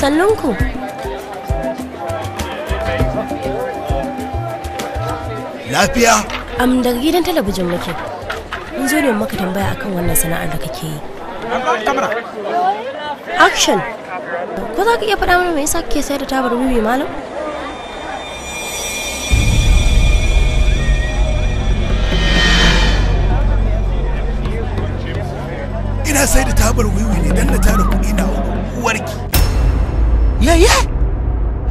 sannunku lafiya am daga gidan talabijin muke mun zo ne maka tambaya akan wannan sana'ar da kake yi action ko za ka iya faɗa mana me yasa kake sayar da tabar wiwi malam ina sai da tabar wiwi ne dan na tara kuɗi na uwarki Me ya?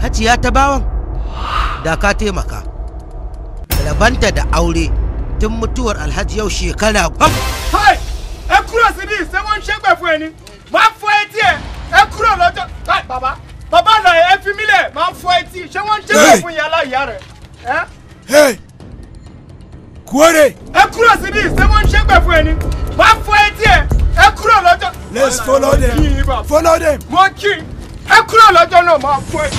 Hajiya ta bawan? Da ka taimaka. Rabanta da aure tun mutuwar alhaji yau shekara gwam. Hai! Ẹ kúrò síbí ṣé wọ́n ń ṣẹ́gbẹ̀ fún ẹni? Máa ń fọ etí ẹ̀! Ẹ kúrò lọ́jọ́. Hai bàbá! Bàbá àlọ́ ẹ fi mílẹ̀ máa ń fọ etí. Ṣé wọ́n ń ṣẹ́gbẹ̀ fún ìyá aláìyá rẹ̀? Kúrè! Ẹ kúrò síbí ṣé wọ́n ń ṣẹ́gbẹ̀ fún ẹni? Máa ń fọ etí ẹ̀! Ẹ kúrò lọ́jọ́. Let's follow them. Follow them. Mo kí ẹ kúrò lọ́jọ́ náà máa fún ẹ.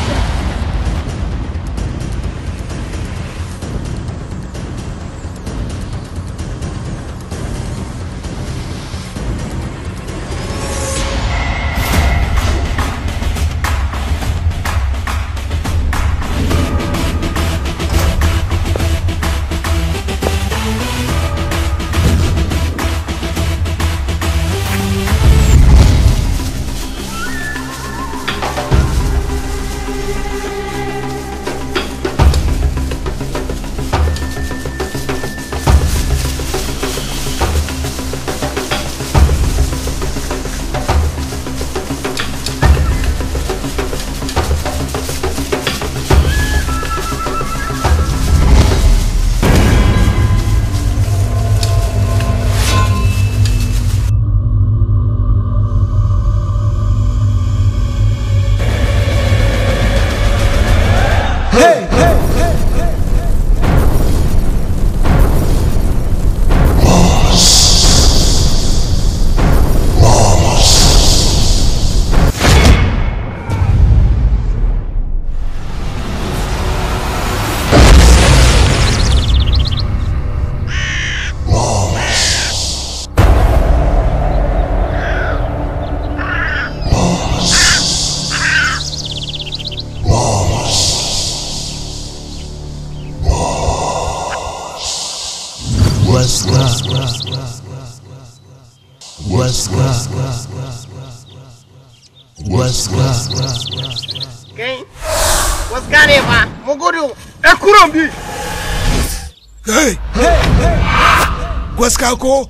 ko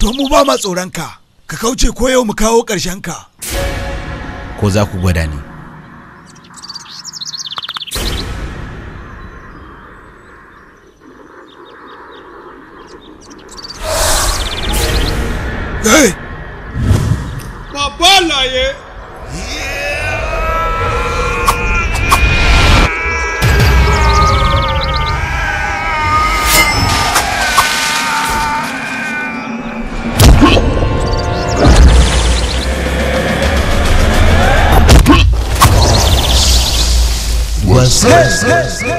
to mu ba ma tsoron ka ka kauce ko yau mu kawo ƙarshen ka ko za ku gwada ni Hey! Babalaye! Reis, reis,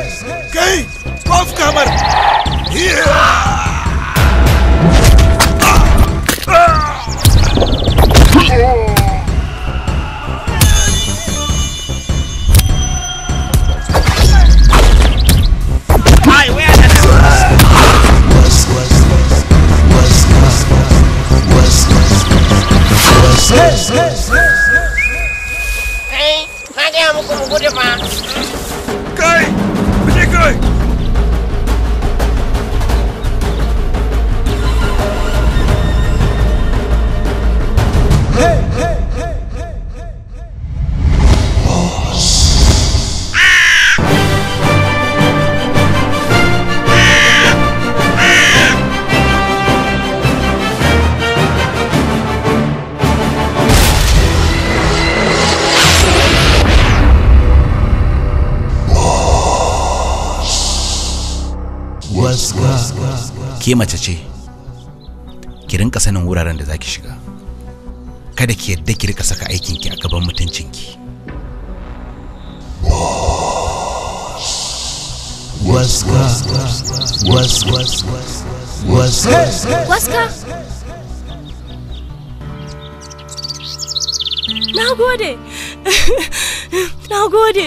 ke mace ce ki rinka sanin wuraren da zaki shiga kada ki yadda ki rika saka aikinki a gaban mutuncinki waska waska waska waska na gode na gode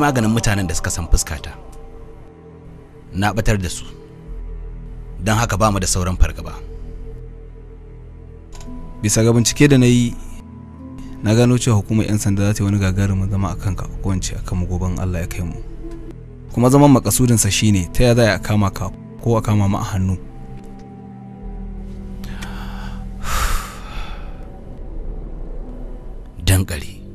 maganin mutanen da suka san fuskata na batar da su don haka ba mu da sauran fargaba bisa ga bincike da na yi na gano cewa hukumar 'yan sanda za ta yi wani gagarumin zama a kanka ko in ce a goben allah ya kai mu kuma zaman makasudinsa shine ta ya za a kama ka ko a kama mu a hannu dankali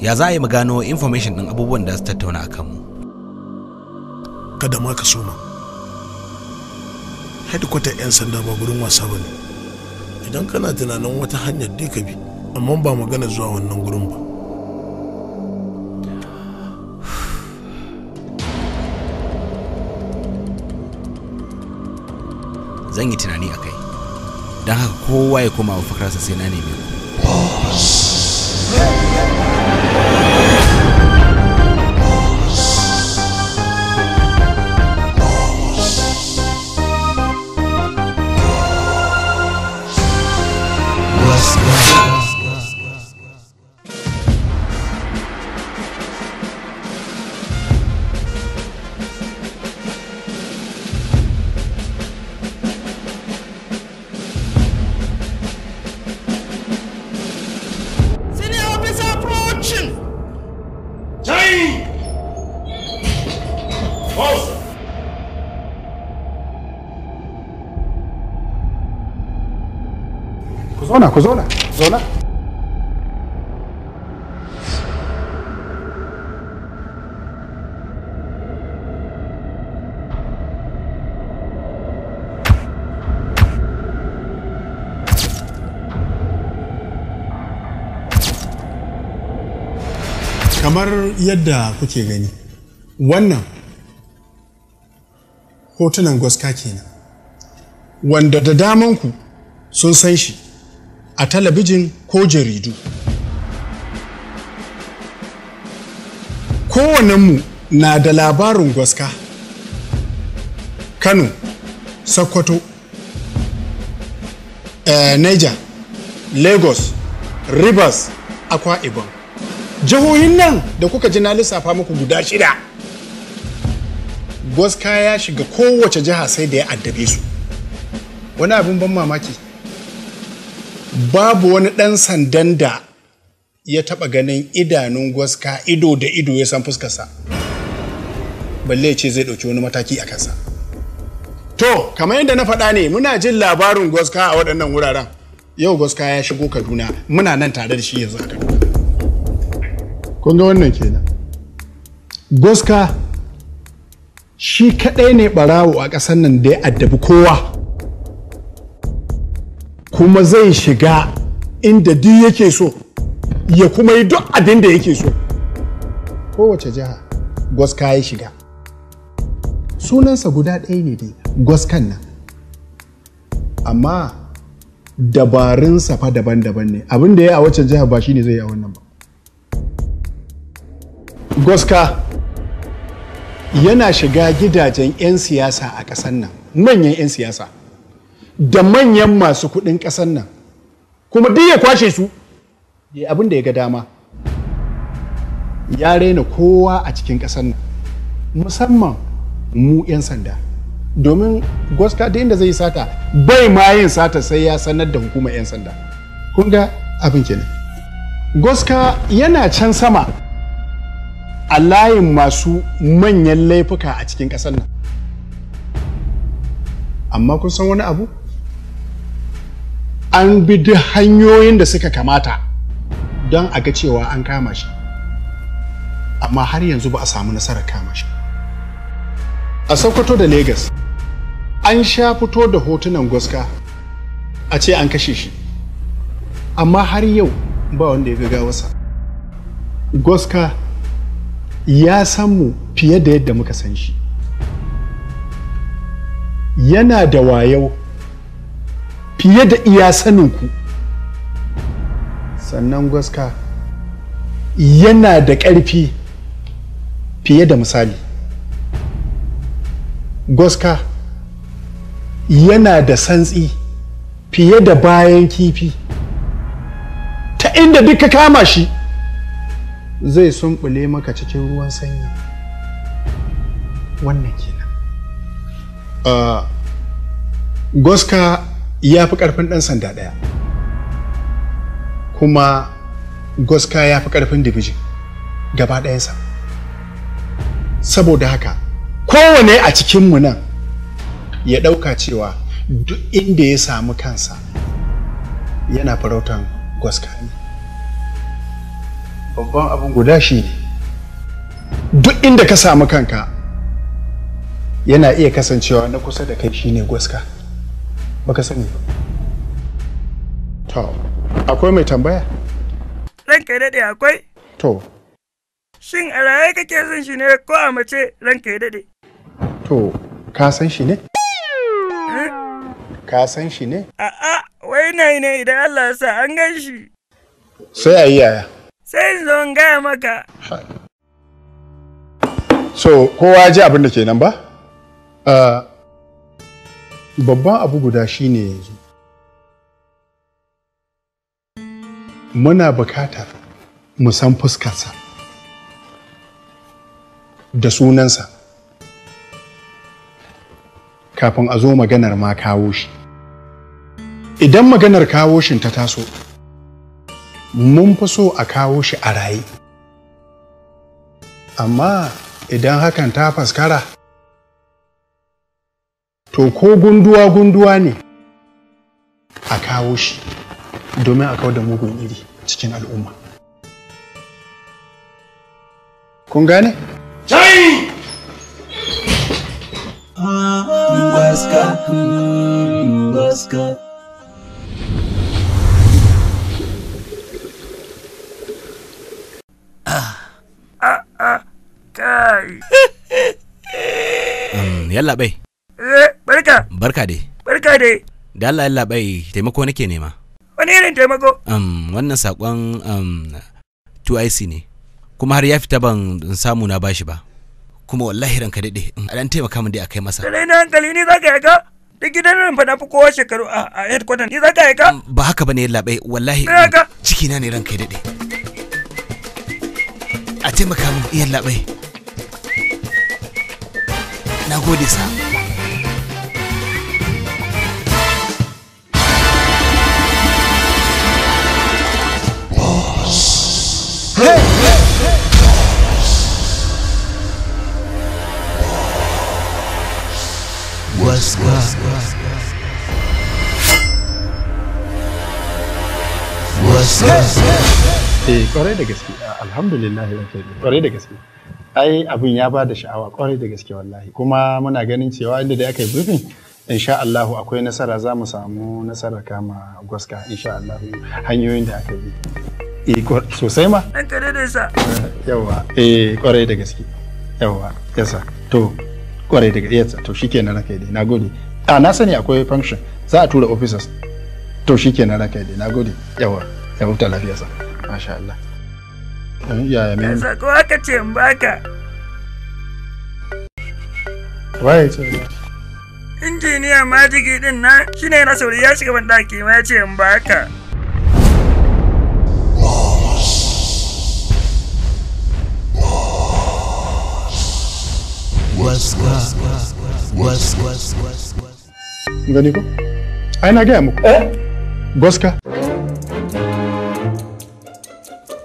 ya za a yi mu gano information ɗin abubuwan da su tattauna a kanmu kada ma ka soma headquarter 'yan sanda ba gurin wasa ba ne idan kana tunanin wata hanyar dai ka bi amma ba magana zuwa wannan gurin ba zan yi tunani a kai don haka kowa ya koma wa fakararsa sai na neme ku zauna ku zauna zauna kamar yadda kuke gani wannan hotunan gwaska kenan wanda da damanku sun san shi a talabijin ko jaridu kowannenmu na da labarin gwaska kano sokoto eh, niger lagos rivers akwa ibom jihohin nan da kuka ji na lissafa muku guda shida gwaska ya shiga kowace jiha sai da ya addabe su wani abin ban mamaki babu wani ɗan sandan da ya taɓa ganin idanun gwaska ido da ido ya san fuskarsa balle ce zai ɗauki wani mataki a kansa to kamar yadda na faɗa ne muna jin labarin gwaska a waɗannan wuraren yau gwaska ya shigo kaduna muna nan tare da shi yanzu a kaduna kun ga wannan kenan gwaska shi kaɗai ne ɓarawo a ƙasar nan da ya addabi kowa kuma zai shiga inda duk yake so ya kuma yi duk abin da yake so kowace jiha Goska ya shiga sunansa guda ɗaya ne dai Goskan nan amma dabarunsa fa daban-daban ne abin da ya a waccan jiha ba shi ne zai yi a wannan ba Goska yana shiga gidajen 'yan siyasa a ƙasar nan manyan 'yan siyasa da manyan masu kuɗin ƙasar nan kuma duk ya kwashe su ya abin da ya ga dama ya raina kowa a cikin ƙasar nan musamman mu 'yan sanda domin gwaska da inda zai sata bai ma yin sata sai ya sanar da hukumar 'yan sanda kun ga abin kenan gwaska yana can sama a layin masu manyan laifuka a cikin ƙasar nan amma kun san wani abu an bi duk hanyoyin da suka kamata don a ga cewa an kama shi amma har yanzu ba a samu nasarar kama shi a sokoto da Legas, an sha fito da hotunan goska a ce an kashe shi amma har yau ba wanda ya gaga wasa goska ya san mu fiye da yadda muka san shi yana da wayo fiye da iya saninku sannan gwaska yana da ƙarfi fiye da misali gwaska yana da santsi fiye da bayan kifi ta inda duka kama shi zai sunkule maka cikin ruwan sanyi wannan kenan uh, ya fi ƙarfin ɗan sanda ɗaya kuma goska ya fi ƙarfin dibijin gaba ɗayansa saboda haka kowane a cikinmu nan ya ɗauka cewa duk inda ya samu kansa yana farautan goska ne babban abin guda shi ne duk inda ka samu kanka yana iya kasancewa na kusa da kai shine goska. baka sani ba to akwai mai tambaya ranka ya daɗe akwai to shin a raye kake son shi ne ko a mace ranka ya daɗe to ka san shi ne ka san shi ne a'a wai nai ne idan Allah ya sa an gan shi sai a yi yaya sai zo in gaya maka so kowa ji abin da ke nan ba uh, babban abu guda shine yanzu muna bukatar mu san fuskarsa da sunansa kafin a zo maganar ma kawo shi idan maganar kawo shin ta taso mun fi so a kawo shi a raye amma idan hakan ta faskara to ko gunduwa gunduwa ne a kawo shi domin a kawo da mugun iri cikin al'umma kun gane? Jai! ah, ah, ah kai. Mm, Eh, barka barka dai barka dai da Allah ya labai taimako nake nema wani irin taimako um, wannan sakon um, 2IC ne kuma har ya fita ban samu na bashi ba kuma wallahi ranka daɗe a ɗan taimaka min dai kai masa da na hankali ne yi ka. da gidan nan fa na fi kowa shekaru a headquarter ni yi ka. Um, ba haka ne ya bai wallahi ciki na ne ranka daɗe a taimaka min iya labai na gode sa eh kwarai da gaske alhamdulillah kwarai da gaske ai abin ya ba da sha'awa kwarai da gaske wallahi kuma muna ganin cewa inda da aka yi briefing insha Allahu akwai nasara za mu samu nasara kama gwaska insha Allahu hanyoyin da aka bi eh, sosai ma an kare da sa yawa eh kwarai da gaske yawa yasa to kwarai da yasa to shikenan raka dai nagode a ah, na sani akwai function za a tura officers to shikenan raka dai nagode yawa ya huta lafiya masha Allah yaya me ko aka ce in baka waye ce injiniya majigi din na ne na sauri ya shiga bandaki ma ya ce in baka Gani ko? Ai na gaya muku. Eh? Goska.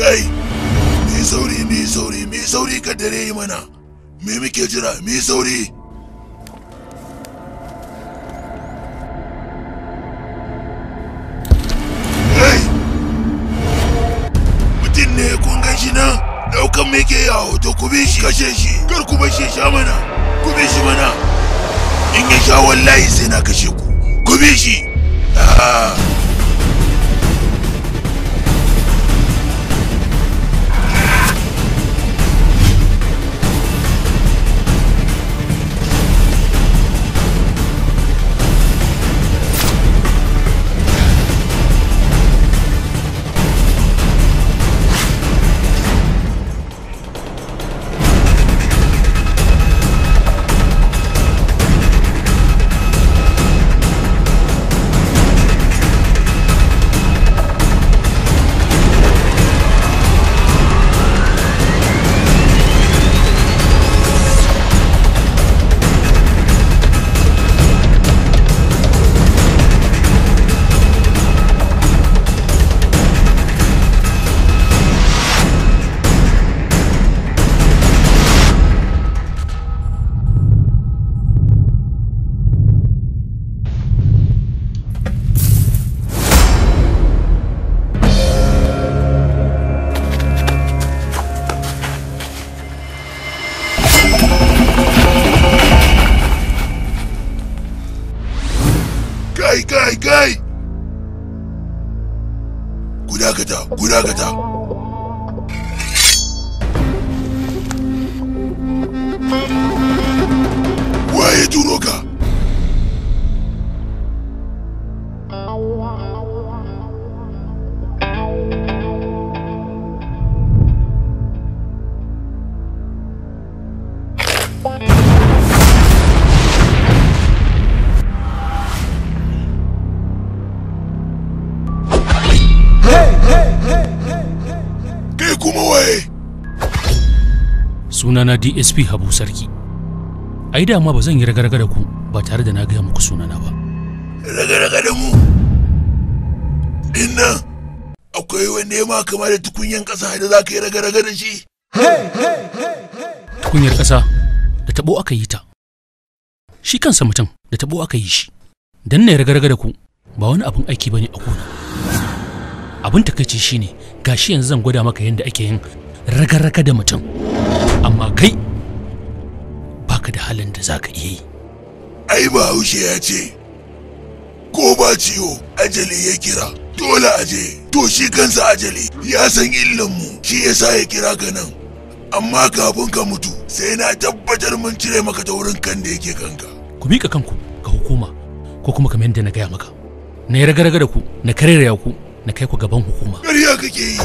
kai mai sauri mai sauri mai sauri ka dare yi mana mai muke jira mai sauri mutum ne daukan ya hoto ku kar ku sha mana ku in ya sha wallahi sai na kashe ku ah. sunana dsp habu sarki ai dama ba zan yi ragaraga da ku ba tare da na gaya muku sunana ba ragaraga da mu dinnan akwai wani ma kama da tukunyan ƙasa da za ka yi ragaraga da shi tukunyar ƙasa da tabo aka yi ta shi kansa mutum da tabo aka yi shi dan na ragaraga da ku ba wani abin aiki bane a gona abin takaici shine gashi yanzu zan gwada maka yadda ake yin raga raka da mutum amma kai baka da halin da zaka ka iya yi ai bahaushe ya ce ko ba ciwo ajali ya kira dole aje to shi kansa ajali ya san illanmu shi ya sa ya kira ka nan amma kafin ka mutu sai na tabbatar mun cire maka ta wurin kan da yake kanka ku miƙa kanku ga hukuma ko kuma kamar yadda na gaya maka na yi raga-raga da ku na ya ku na kai ku gaban hukuma ƙarya kake yi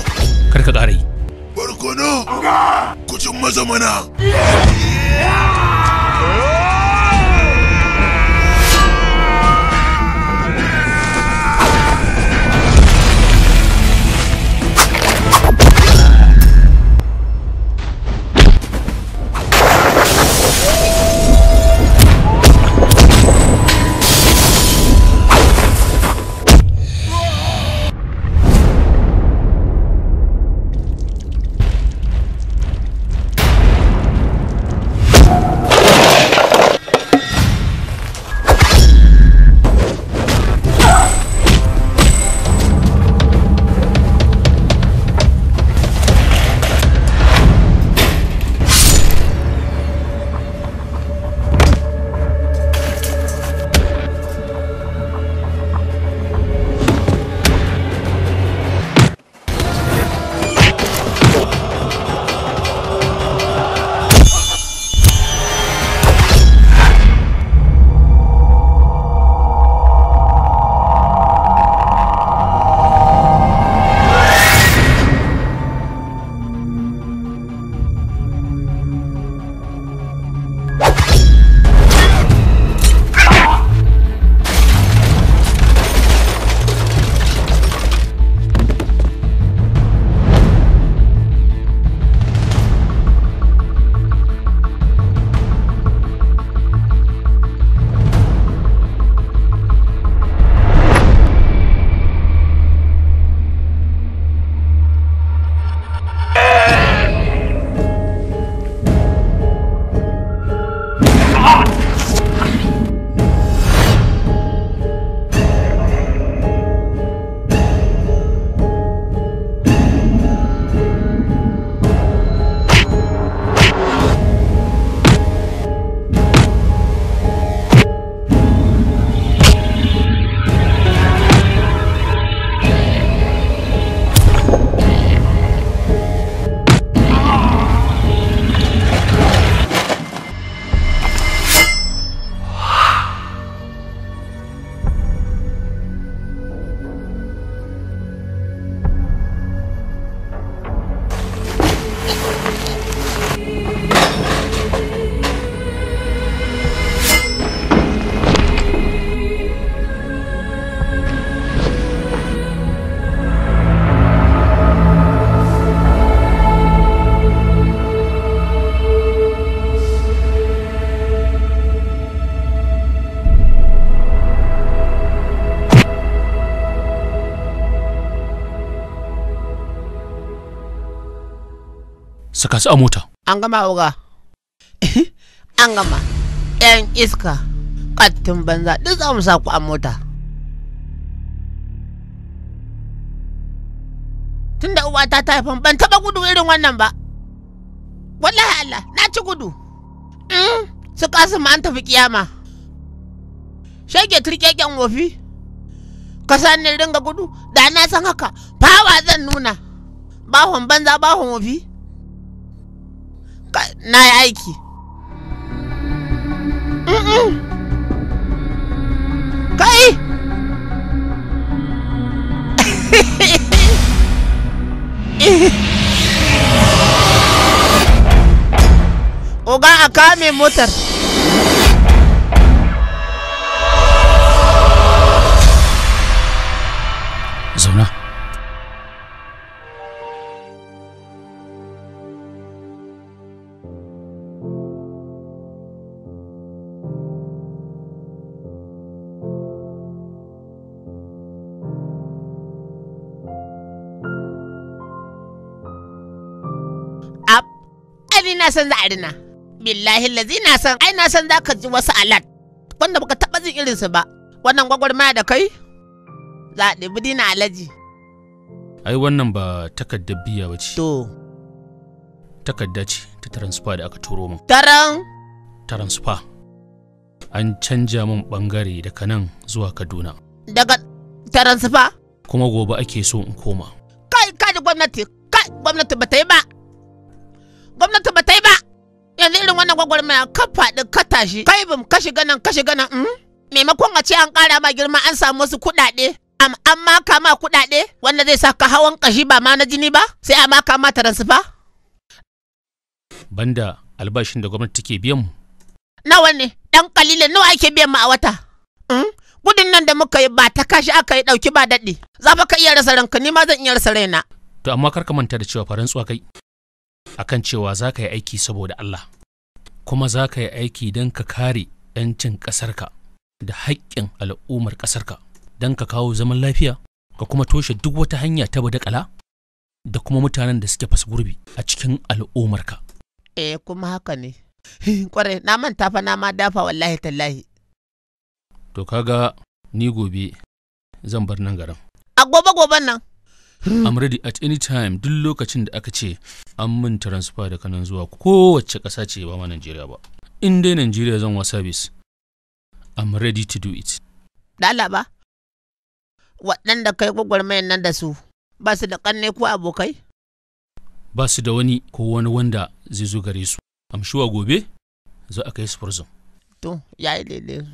kar ka ƙara yi barkono kucin maza mana a mota an gama wuga eh? an gama yan iska kattin banza duk za mu sa ku a mota tunda uwata ta haifan ban taba gudu irin wannan ba wallahi Allah na ci gudu mm, su kasu ma an tafi kiyama shege turkeken wofi ka ni ringa gudu da na san haka fawa zan nuna bahon banza bahon wofi na yi aiki kai oga a kame motar zauna san za a rina billahi lazi na san ai na san za ka ji wasu alat wanda baka taɓa jin irinsu ba wannan gwagwarmaya da kai za a ɗebi dina alaji ai wannan ba takardar biya ba ce to takarda ce ta transfer da aka turo min taran transfer an canja min bangare daga nan zuwa kaduna daga transfer kuma gobe ake so in koma kai kai gwamnati kai gwamnati ba ta yi ba gwamnati ba ta yi yanzu irin wannan gwagwarmaya ka faɗi ka tashi kai bum ka shiga nan ka shiga nan mm? maimakon a ce an ƙara ma girma an samu wasu kuɗaɗe an maka ma kuɗaɗe wanda zai sa ka hawan ƙashi ba ma na jini ba sai a maka ma taransifa. banda albashin da gwamnati take biyan mu. nawa ne ɗan kalilin nawa ake biyan mu a wata. gudun mm? nan da muka yi ba ta kashi aka yi ɗauki ba daɗi za fa ka iya rasa ranka ni ma zan iya rasa raina. to amma kar ka manta da cewa faran tsuwa kai. akan cewa za ka yi aiki saboda Allah kuma za ka yi aiki don ka kare 'yancin ƙasarka da haƙƙin al'ummar ƙasarka don ka kawo zaman lafiya ka kuma toshe duk wata hanya ta badakala da kuma mutanen da suke fasa gurbi a cikin al'ummarka. Eh kuma haka ne. Kware na manta fa na ma dafa wallahi tallahi. To kaga ni gobe zan bar nan garin. A gobe gobe nan. I'm ready at any time duk lokacin da aka ce an min transfer da kanan zuwa kowace ƙasa ce ba ma Najeriya ba. In dai Najeriya zan wa service, I'm ready to do it. ba, waɗanda kai gwagwarmayan nan da su, ba su da ƙanne ko abokai? Ba su da wani ko wani wanda zai zo gare su. Amshuwa gobe za a kai su prison. To, ya yi daidai su.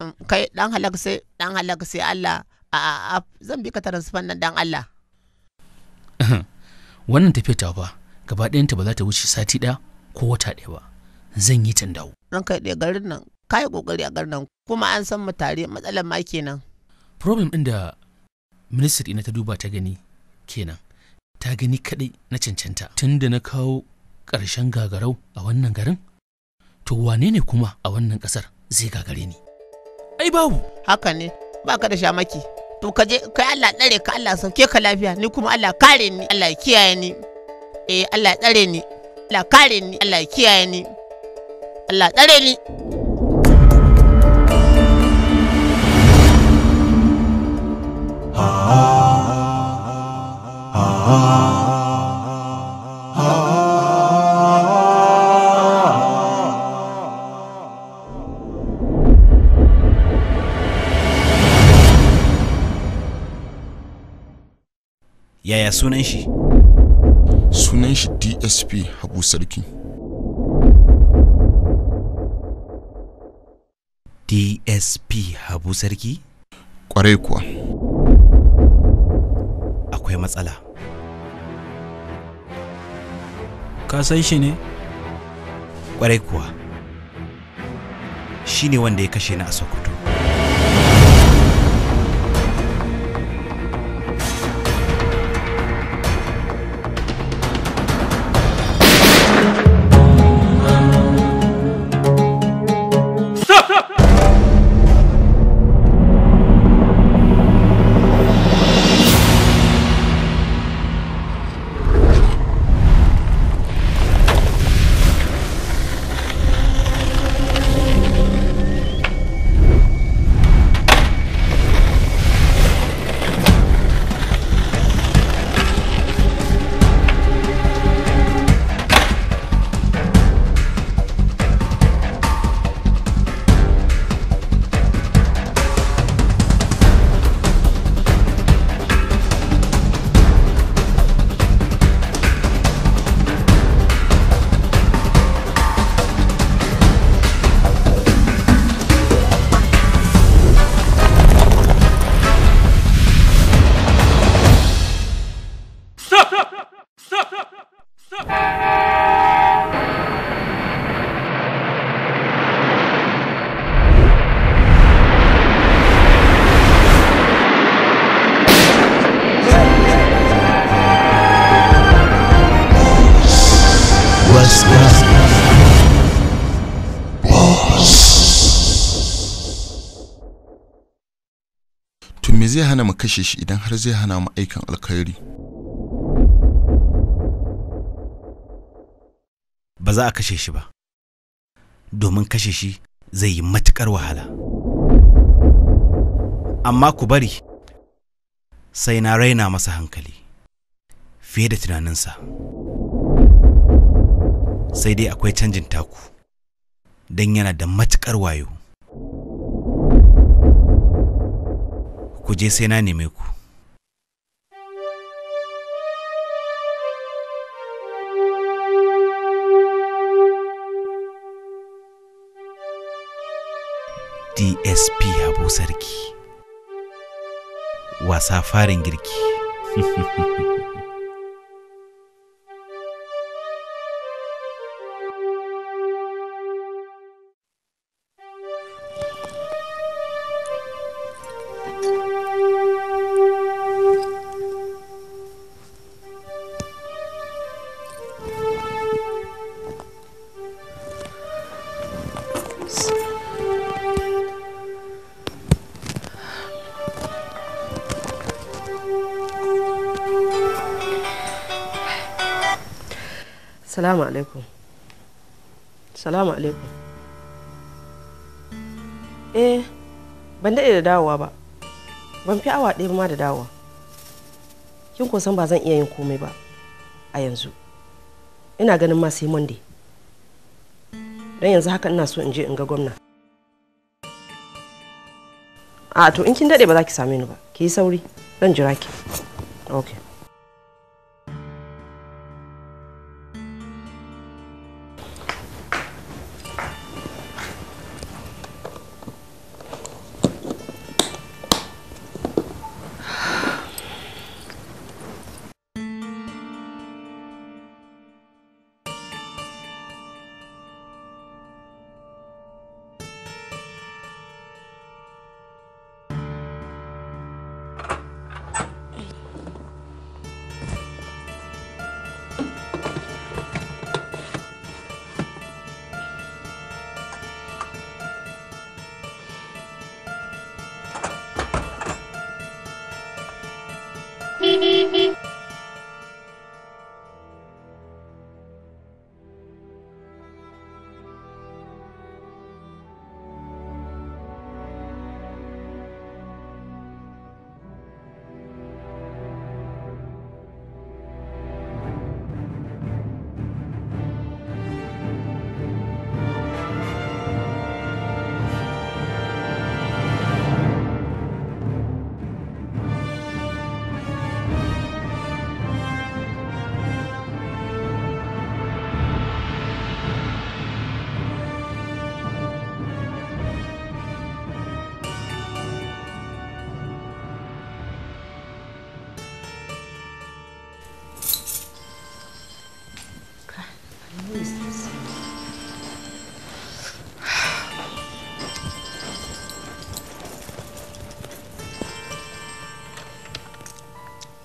Mm, kai ɗan halak sai, ɗan halak sai Allah, a'a zan bi ka transfer nan dan Allah. wannan tafiyar ta fa gaba ɗayanta ba za ta wuce sati ɗaya ko wata ɗaya ba zan yi ta dawo ran kai ɗaya garin nan ka yi ƙoƙari a garin nan kuma an san mu tare matsalar ma kenan problem ɗin da ministry na ta duba ta gani kenan ta gani kaɗai na cancanta tun da na kawo ƙarshen gagarau a wannan garin to wane ne kuma a wannan ƙasar zai gagare ni ai babu haka ne ba ka da shamaki to ka je kai Allah tsare ka Allah sauke ka lafiya ni kuma Allah kare ni Allah kiyaye ni eh Allah tsare ni Allah kare ni Allah kiyaye ni Allah tsare ni Ah, ah, ah. yaya sunan shi sunan shi dsp habu sarki dsp habu sarki kwarai kuwa akwai matsala ka san shi ne kwarai kuwa shi ne wanda ya kashe ni a sokoto kashe shi idan har zai hana mu aikin alkhairi ba za a kashe shi ba domin kashe shi zai yi matukar wahala amma ku bari sai na raina masa hankali fiye da tunaninsa sai dai akwai canjin taku don yana da matukar wayo ku je sai na neme ku dsp abu sarki wasa farin girki salamu alaikum salamu alaikum eh ban daɗe da dawowa ba ban fi awa ɗaya ma da dawowa kin san ba zan iya yin komai ba a yanzu ina ganin ma sai monday don yanzu haka ina so in je in ga gwamna a to in kin daɗe ba za ki same ni ba ki yi sauri zan jira ki okay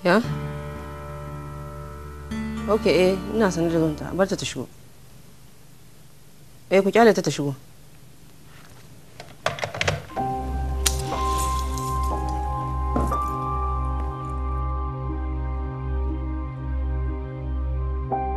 ya ok eh ina sanar da zonta bar ta ta shigo eh ku kyale ta ta shigo